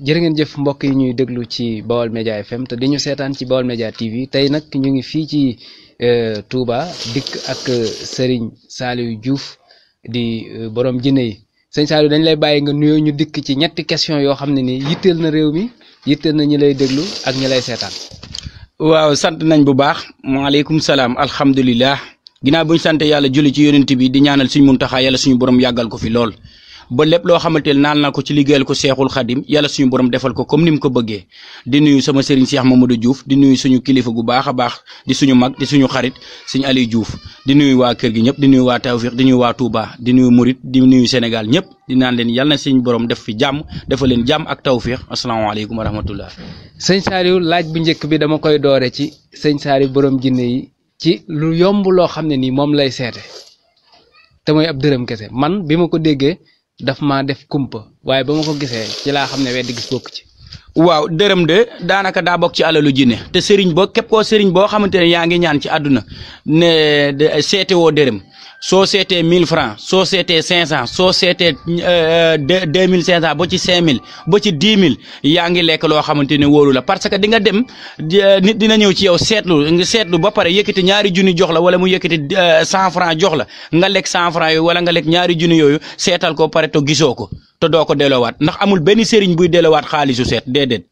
jërë ngeen jëf mbokk yi ñuy déglu ci Baol Média FM te di ñu seetaan ci Baol Média TV tey nag ñu ngi fii ci euh, tuuba dikk ak euh, sëriñ Saliou juuf di euh, borom jinne yi sëñ Saliou dañ lay bàyyi nga nuyoo ñu dikk ci ñetti question yoo xam ne nii yitteel na réew mi yitteel na ñu lay déglu ak ñi lay seetaan. waaw sant nañ bu baax maaleykum salaam alhamdulilah ginnaaw bu ñu sant yàlla julli ci yonent bi di ñaanal suñu muntaxaa yàlla suñu borom yàggal ko fi lool. ba lépp loo xamante ne naan naa ko ci liggéeyal ko seexul xadim yàlla suñu borom defal ko comme ni mu ko bëggee di nuyu sama sëriñ Cheikh Mamadou Diouf di nuyu suñu kilifa gu baax a baax di suñu mag di suñu xarit suñu Aliou juuf di nuyu waa kër gi ñëpp di nuyu waa Tawfiq di nuyu waa Touba di nuyu Murit di nuyu Sénégal ñëpp di naan leen yàlla na suñu borom def fi jàmm defal leen jàmm ak Tawfiq asalaamaaleykum wa rahmatullah. sëñ Saliou laaj bu njëkk bi dama koy doore ci sëñ Saliou borom jinne ci lu yomb loo xam ne nii moom lay seete te mooy ab dërëm man bi ma ko déggee daf ma def kumpa waaye ba ma ko gisee ci laa xam ne weddi gis bokk waaw dërëm de daanaka daa bokk ci alalu jinne te sëriñ boo képp ko sëriñ boo xamante ne yaa ngi ñaan ci àdduna ne seete woo dërëm soo seetee mille francs soo seetee cinq cent soo seetee euh, deux mille cinq cent ba ci cinq mille ba ci dix mille yaa ngi lekk loo xamante ne wóolu la parce que di nga dem euh, nit dina ñëw ci yow seetlu nga seetlu ba pare yëkkati ñaari junni jox la wala mu yëkkati euh, cent francs jox la nga lekk cent francs yooyu wala nga lekk ñaari junni yooyu seetal ko pare te gisoo ko te doo ko delloowaat ndax amul benn sëriñ buy delloowaat xaalisu seet déedéet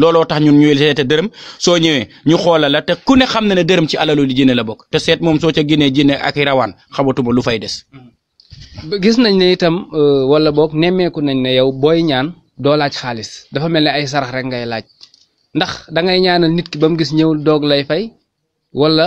looloo tax ñu ñuy seete dërëm soo ñëwee ñu xoolal la te ku ne xam na ne dërëm ci alalu li jinne la bokk te seet moom soo ca génnee jinne ak i rawaan xamatuma lu fay des. gis nañ ne itam euh, wala boog nemmeeku nañ ne yow booy ñaan doo laaj xaalis dafa mel ne ay sarax rek ngay laaj ndax dangay ngay ñaanal nit ki ba mu gis ñëwul doog lay fay wala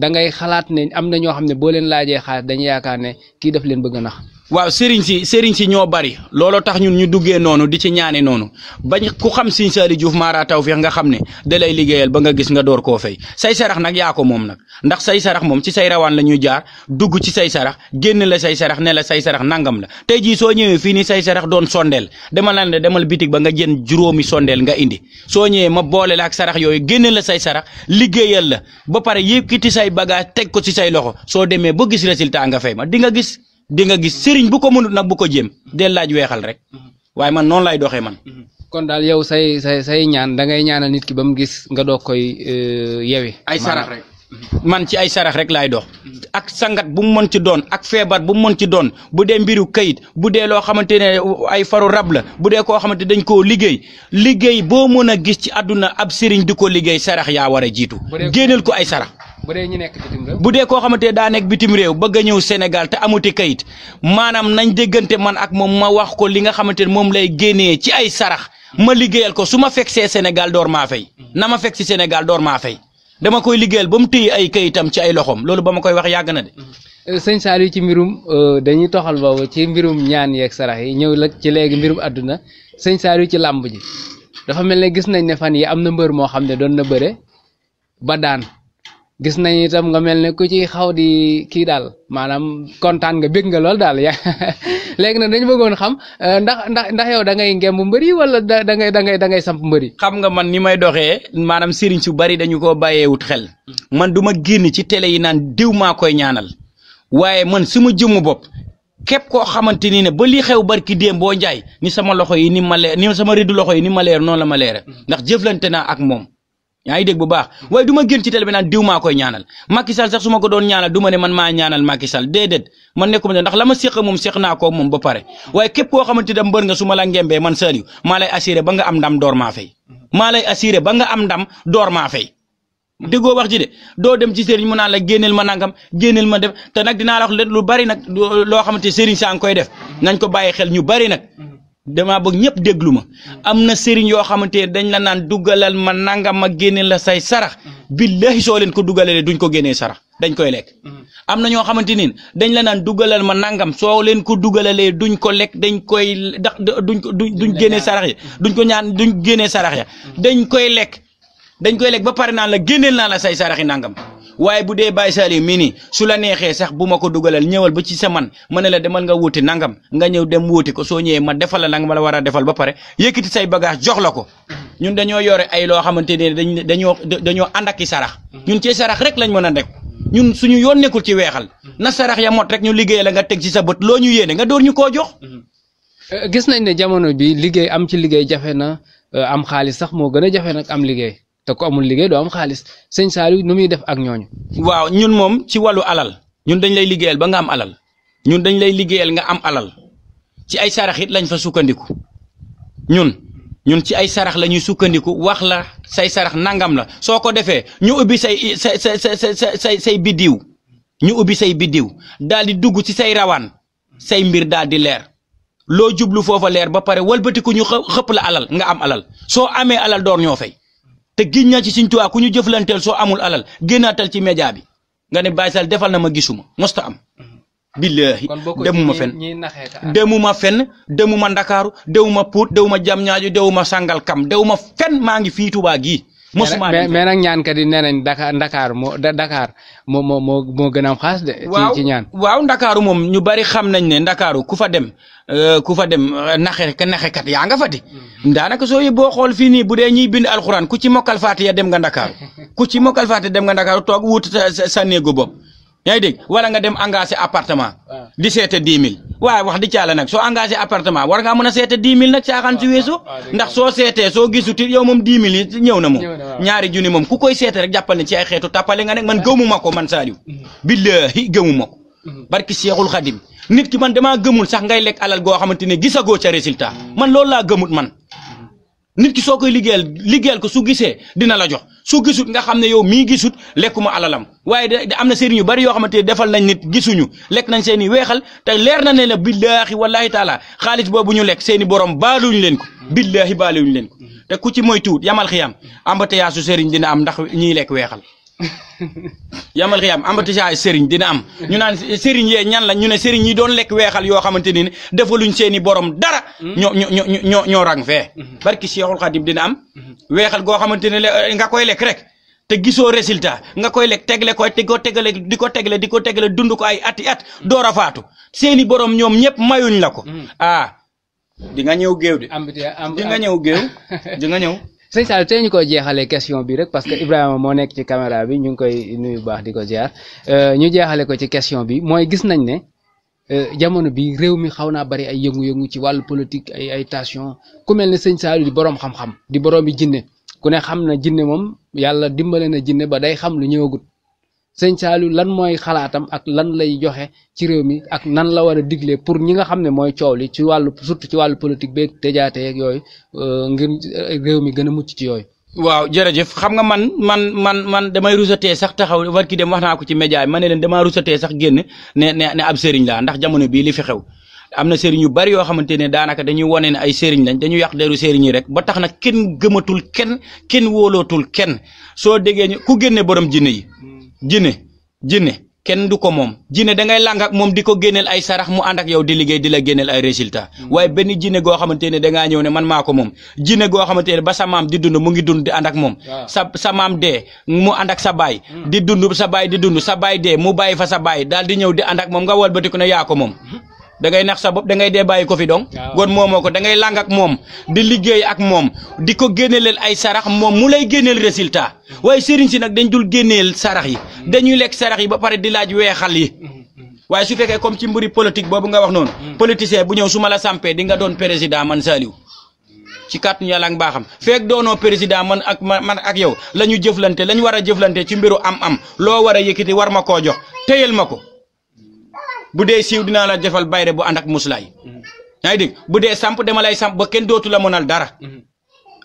da ngay xalaat ne am na ñoo xam ne boo leen laajee xaalis dañu yaakaar ne kii def leen bëgg nax. waaw sëriñ si sëriñ si ñoo bari looloo tax ñun ñu duggee noonu di ci ñaane noonu bañ ku xam Sëriñ Saliou Diouf taw Tawfekh nga xam ne da lay liggéeyal ba nga gis nga door koo fay say sarax nag yaa ko moom nag ndax say sarax moom ci say rawaan la ñuy jaar dugg ci say sarax génn la say sarax ne la say sarax nangam la tey jii soo ñëwee fii nii say sarax doon sondeel dama naan la demal bitig ba nga jën juróomi sondeel nga indi soo ñëwee ma boole la ak sarax yooyu génn la say sarax liggéeyal la ba pare yëkkati say bagage teg ko ci say loxo soo demee ba gis résultat nga fay ma di nga gis di nga gis sëriñ bu ko mënut nag bu ko jéem del laaj weexal rek mhm. waaye man noonu laay doxee man. Mhm. kon daal yow say say say ñaan da ngay ñaanal nit ki ba mu gis nga doog koy euh, yewi ay sarax rek man ci ay sarax rek laay dox. Mhm. ak sangat bu mu mën ci doon ak feebar bu mu mën ci doon bu dee mbiru kayit bu dee loo xamante ne ay faru rab la bu dee koo xamante dañ koo liggéey liggéey boo mën a gis ci àdduna ab sëriñ di ko liggéey sarax yaa war a jiitu génneel ko ay sarax. bu dee ñu nekk bu dee koo xamante ne daa nekk bitim réew bëgg a ñëw Sénégal te amuti kayit maanaam nañ déggante man ak moom ma wax ko li nga xamante ne moom lay génnee ci ay sarax ma liggéeyal ko su ma fekk see Sénégal door maa fay na ma fekk si Sénégal door maa fay dama koy liggéeyal ba mu téye ay kayitam ci ay loxoom loolu ba ma koy wax yàgg na de. Euh, sëñ Saliou ci mbirum euh, dañuy toxal boobu ci mbirum ñaan yeeg sarax yi ñëw la ci léegi mbirum àdduna sëñ Saliou ci làmb ji dafa mel ne gis nañ ne yi am na mbër moo xam ne doon na bëre ba daan gis nañ itam nga mel ne ku ci xaw di kii daal maanaam kontaan nga bég nga lool daal ya léegi nag dañu bëggoon xam euh, ndax ndax ndax yow da ngay ngemb mbëri wala da da ngay da da ngay samp mbëri. xam nga man ni may doxee maanaam sëriñ su bari dañu koo bàyyeewut xel man du ma génn ci télé yi naan diw maa koy ñaanal waaye man suma jëmmu bopp képp koo xamante ni ne ba li xew barki déem boo njaay ni sama loxo yi ni ma leer ni sama ridu loxo yi ni ma leer noonu la ma leer ndax jëflante naa ak moom. yaa ngi dégg bu baax hmm. waaye du ma génn ci télé bi naan diw maa koy ñaanal Macky Sall sax su ma ko doon ñaanal du ma ne man maa ñaanal Macky Sall déedéet man nekkuma ne ndax la ma séq moom séq naa ko moom ba pare waaye képp koo xamante ne mbër nga su ma la ngembee man Saliou maa lay assuré ba nga am ndam door maa fay hmm. maa lay hmm. wax ji de doo dem ci sëriñ mu naan la génneel ma nangam génneel ma def te nag dinaa la wax lu bari nag loo xamante sëriñ saa ngi koy def nañ ko bàyyi xel ñu bari nag damaa bëgg ñëpp déglu ma am na sëriñ yoo xamante ne dañ la naan dugalal ma nangam ma génne la say sarax billahi soo leen ko dugalee duñ ko génnee sarax dañ koy lekk. am na ñoo xamante ne dañ la naan dugalal ma nangam soo leen ko dugalee duñ ko lekk dañ koy dax duñ ko duñ génnee sarax ya duñ ko ñaan duñ génnee sarax ya dañ koy lekk dañ koy lekk ba pare naan la génneel naa la say sarax yi nangam. waaye bu dee Baye Saliou mii nii su la neexee sax bu ma ko dugalal ñëwal ba ci sa man ma ne la demal nga wuuti nangam nga ñëw dem wuuti ko soo ñëwee ma defal la nangam la war a defal ba pare yëkkati say bagage jox la ko ñun dañoo yore ay loo xamante ne dañ dañoo dañoo ànd ak i sarax ñun ci sarax rek lañ mën a nekk ñun suñu yoon nekkul ci weexal na sarax ya mot rek ñu liggéey la nga teg ci sa bët loo ñu yéene nga door ñu koo jox euh, gis nañ ne jamono bi liggéey am ci liggéey jafe na euh, am xaalis sax moo gën a jafe nag am liggéey te ku amul liggéey doom xaalis sëñ Saliou nu muy def ak ñooñu. waaw ñun moom ci wàllu alal ñun dañ lay liggéeyal ba nga am alal ñun dañ lay liggéeyal nga am alal ci ay saraxit it lañ fa sukkandiku ñun ñun ci ay sarax la ñuy sukkandiku wax la say sarax nangam la soo ko defee ñu ubbi say say say say biddiw ñu ubbi say biddiw daal di dugg ci say rawaan say mbir daal di leer. loo jublu foofa leer ba pare walbatiku ñu xëpp la alal nga am alal soo amee alal door ñoo fay te giñ naa ci Sëñ Tuubaa ñu jëflanteel soo amul alal génnaatal ci média bi nga ne Baye defal na ma gisuma mosta am mm-hmm. billaahi demuma fen demuma fen demuma ndakaaru demuma puut demuma jam ñaaju demuma sàngal kam demuma fen maa ngi fii Tuubaa gii mosuma mais mais nag ñaankat yi nee nañ Dakar Dakar mo Dakar moo moo moo moo gën a xaas de. ñaan waaw Ndakaaru moom ñu bari xam nañ ne Ndakaaru ku fa dem euh, ku fa dem euh, naxe naxekat yaa nga fa di. Mm-hmm. daanaka soo boo xool fii ni bu dee ñuy bind alxuraan ku ci mokkal faatiya dem nga Ndakaaru ku ci mokkal faatiya dem nga Ndakaaru toog wut sa sa bopp. yaa ngi dégg wala nga dem engagé appartement. di seete dix mille. waaye wax di caala nag soo engagé appartement war ngaa mën a seete dix mille nag caaxaan si weesu. ndax soo seetee soo gisut yow moom dix mille yi ñëw na moom. ñaari juni moom ku koy seete rek jàppal ne ci ay xeetu tappale nga nekk man gëmuma ko man Saliou. Mm-hmm. billahi gëmuma ko. Mm-hmm. barki Seexul Xadim nit ki man demaa gëmul sax ngay lekk alal goo xamante ne gisagoo ca résultat mm-hmm. man loolu laa gëmut man. nit ki soo koy liggéeyal liggéeyal ko su gisee dina la jox su gisut nga xam ne yow mii gisut lekkuma alalam waaye de am na sëriñ yu bari yoo xamante defal nañ nit gisuñu lekk nañ seen i weexal te leer na ne la billaahi wallaahi taala xaalis boobu ñu lekk seeni i borom ñu leen ko billaahi baaluñu leen ko te ku ci moytuwut yamal xiyam embouteillage su sëriñ dina am ndax ñiy lekk weexal yamal xiyam ambatisage sëriñ dina am ñu naan sëriñ ñan la ñu ne sëriñ yi doon lekk weexal yoo xamante ni defaluñ seeni borom dara hmm? ñoo ñoo ñoo ñoo ñoo fee hmm. barki Seexul Xadim dina am hmm. weexal goo xamante ne eh, nga koy lekk rek te gisoo résultat nga koy lek tegle koy te ko tegale di ko tegle di ko tegle dund ko ay ati at door a faatu seeni borom ñoom ñëpp mayuñ la ko ah di nga ñëw géew de di nga ñëw géew di nga ñëw sëñ Saliou tey ñu koy jeexalee question bi rek parce que Ibrahima moo nekk ci caméra bi ñu ngi koy nuyu baax di ko ziar euh, ñu jeexale ko ci question bi mooy gis nañ ne euh, jamono bi réew mi xaw naa bari ay yëngu-yëngu ci wàllu politique ay ay tension ku mel ne sëñ Saliou di boroom xam-xam di boroomi jinne ku ne xam na jinne moom yàlla dimbale na jinne ba day xam lu ñëwagut sëñ Saliou lan mooy xalaatam ak lan lay joxe ci réew mi ak nan la war a diglee pour ñi nga xam ne mooy coow li ci wàllu surtout ci wàllu politique beeg tëjaate yeeg yooyu euh, ngir réew mi gën a mucc ci yooyu. waaw jërëjëf xam nga man man man man damay rusatee sax taxaw war ki dem wax naa ko ci média yi ma ne leen damaa rusatee sax génn ne ne ne ab sëriñ laa ndax jamono bii li fi xew. am na sëriñ yu bari yoo xamante ne daanaka dañuy wane ne ay sëriñ lañ dañuy yàq deru sëriñ yi rek ba tax na kenn gëmatul kenn kenn wóolootul kenn soo déggee ñu ku génne borom jinne yi jinne jinne kenn du ko moom jinne da ngay làng moom di ko génneel ay sarax mu ànd ak yow di liggéey di la génneel ay résultat hmm. waaye benn jinne goo xamante ne dangaa ñëw ne man maa ko moom jinne goo xamante ne ba sa maam di dund mu ngi dund di ànd ak moom sa sa maam dee mu ànd ak sa baay hmm. di dund sa baay di dund sa baay dee mu bàyyi fa sa baay daal di ñëw di ànd ak moom nga walbatiku ne yaa ko moom hmm. da ngay nax sa bopp da ngay dee bàyyi ko fi dong gon moomoo ko da ngay làng ak moom di liggéey ak moom di ko génneel ay sarax moom mu lay génneel résultat waaye sëriñ si nag dañ dul génneel sarax yi mm. dañuy lekk sarax yi ba pare di laaj weexal yi mm, mm, waaye su fekkee comme ci mbiri politique boobu nga wax noonu politicien bu ñëw su mala la dinga doon président man Saliou ci kàttanu yàlla ak baaxam feek doonoo président man ak man ak yow la ñu jëflante la ñu war a jëflante ci mbiru am am loo war a yëkkati war ma koo jox téyel ma ko bu dee siiw dinaa la defal bayre bu ànd ak muslaay mm-hmm. yaa bu dee samp dama lay samp ba kenn dootu la mënal dara mm-hmm.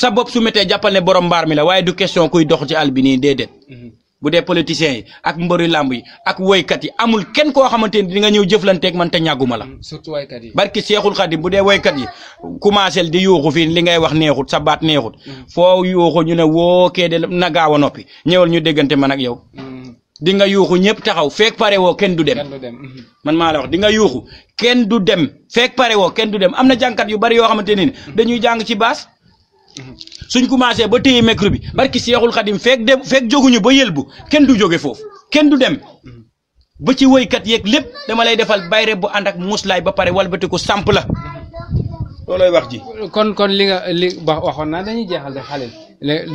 sa bopp su méttee jàppal ne borom mbaar mi la waaye du question kuy dox ci àll bi nii déedéet mm-hmm. bu dee politiciens yi ak mbëri làmb yi ak woykat yi amul kenn koo xamante ni di nga ñëw jëflanteeg man te ñàgguma la. surtout woykat yi barki Seexul Xadim bu dee woykat yi commencé di yuuxu fii li ngay wax neexut sa baat neexut. foo yuuxu ñu ne woo kee de na gaaw a noppi ñëwal ñu déggante man ak yow. di nga yuuxu ñëpp taxaw feek pare woo kenn du dem man maa la wax di nga yuuxu kenn du dem feek pare woo kenn du dem am na jàngkat yu bari yoo xamante ne dañuy jàng ci baas suñ commencé ba téye micro bi barki Seexul Xadim feek dem feek jóguñu ba yëlbu kenn du joge foofu kenn du dem ba ci woykat yeeg lépp dama lay defal bayre bu ànd ak muslaay ba pare walbati ko samp la loolooy wax ji kon kon li nga li ba waxoon naa dañuy jeexal de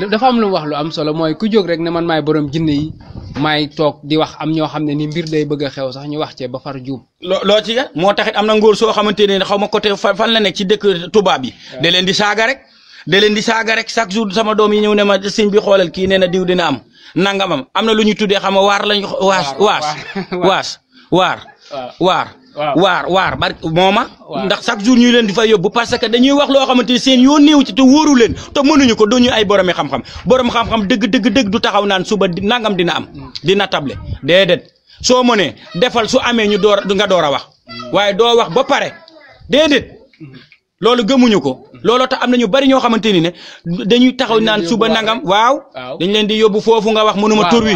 dafa am lu wax lu am solo mooy ku jóg rek ne man maay borom jinne yi maay toog di wax am ñoo xam ne ni mbir lay bëgg a xew sax ñu wax cee ba far juub. lo loo ci yàq moo taxit am na ngóor soo xamante ne xaw ma côté fan la nekk ci dëkk tubaab yi. da leen di saaga rek. da leen di saaga rek chaque jour sama doom yi ñëw ne ma sëñ bi xoolal kii nee na diw dina am nangamam am na lu ñu tuddee xam nga waar lañu. waar waar waas waas waar. waar waar waar bar mooma ndax chaque jour ñu leen di fa yóbbu parce que dañuy wax loo xamante ni seen yoo néew ci te wóoru leen te mënuñu ko duñu ay boromi xam-xam borom xam-xam dëgg dëgg dëgg du taxaw naan suba nangam dina am hmm. dina table déedéet soo mënee defal su amee ñu door nga door a wax hmm. waaye doo wax ba pare déedéet hmm. loolu gëmuñu ko hmm. looloo tax am na ñu bari ñoo xamante ni ne dañuy taxaw naan suba nangam waaw dañ leen di yóbbu foofu nga wax mënuma tur wi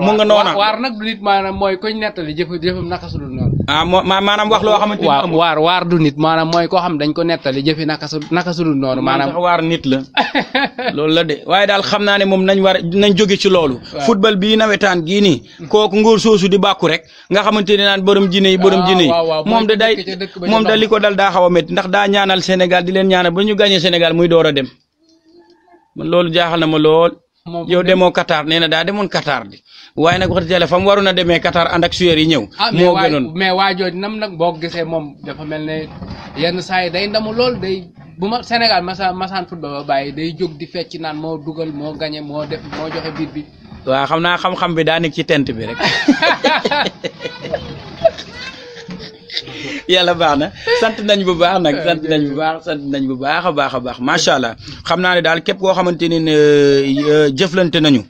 mu nga noona waar nag du nit maanaam mooy koñ nettali jëf jëfam naka su dul noonu ah maanaam wax loo xamante ni amul waar waar du nit mooy koo xam dañ ko nettali jëfi naka su naka su dul noonu maanaam waar nit la loolu la de waaye daal xam naa ne moom nañ war nañ jóge ci loolu football bii nawetaan gii nii hmm. kooku ngóor soosu di bàkku rek nga xamante ni naan borom jinne yi borom jinne yi moom da day moom da li ko dal daa xaw a métti ndax ñaanal Sénégal di leen ñaanal ba ñu gagné Sénégal muy door a dem man loolu jaaxal na ma lool. yow demoo Qatar nee na daa demoon Qatar di waaye nag wax dëgg yàlla fa a demee Qatar ànd ak suyeer yi ñëw. Ah, moo gënoon mais waajooj nam nag boo gisee moom dafa mel ne yenn saa yi day ndamu lool day bu ma Sénégal masa masaan football ba bàyyi day jóg di fecc naan moo dugal moo gagné moo def moo joxe biir bi. waaw xam naa xam-xam bi daa nekk ci tent bi rek. yàlla baax na sant nañ bu baax nag sant nañ bu baax sant nañ bu baax a baax a baax macha allah xam naa ne daal képp koo xamante ne euh, jëflante nañu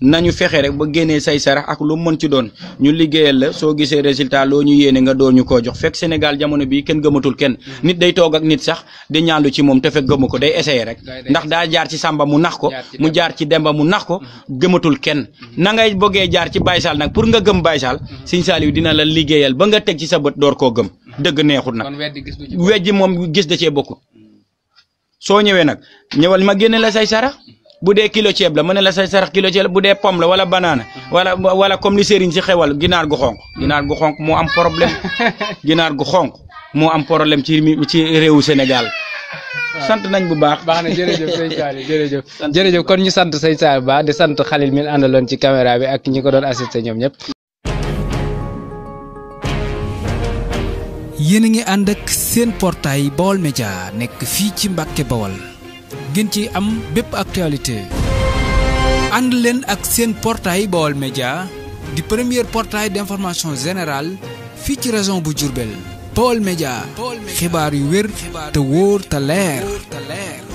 ñu fexe rek ba génnee say sarax ak lu mën ci doon ñu liggéeyal la soo gisee résultat loo ñu yéene nga door ñu koo jox fekk Sénégal jamono bii kenn gëmatul kenn mm-hmm. nit day toog ak nit sax da ñaanlu ci moom te fekk gëmu ko day essayer rek ndax daa jaar ci sàmba mu nax ko mu jaar ci Demba mu nax ko mm-hmm. gëmatul kenn mm-hmm. na ngay bëggee jaar ci Baye nag pour nga gëm Baye Sall Sëñ Saliou dina la liggéeyal ba nga teg ci sa bët door koo gëm dëgg neexut nag wejji moom gis da cee bokkut ñëwee nag ñëwal ma génne la say sarax bu dee kilo ceeb la mën na la sa sarax kilo ceeb bu dee pomme la wala banana wala wala comme li sëriñ si xewal ginaar gu xonq ginaar gu xonq moo am problème ginaar gu xonq moo am problème ci ci réewu Sénégal sant nañ bu baax. baax na jërëjëf kon ñu sant sëñ Saliou bu baax di sant xalil mi àndaloon ci caméra bi ak ñi ko doon assisté ñoom ñëpp. yéen a ngi ànd ak seen portail Baol Média nekk fii ci Mbàkke Bawol. gën ci am bépp actualité ànd leen ak seen portail Baol Média di premier portail d'information générale fii ci région bu Diourbel Baol Média xibaar yu wér te wóor te leer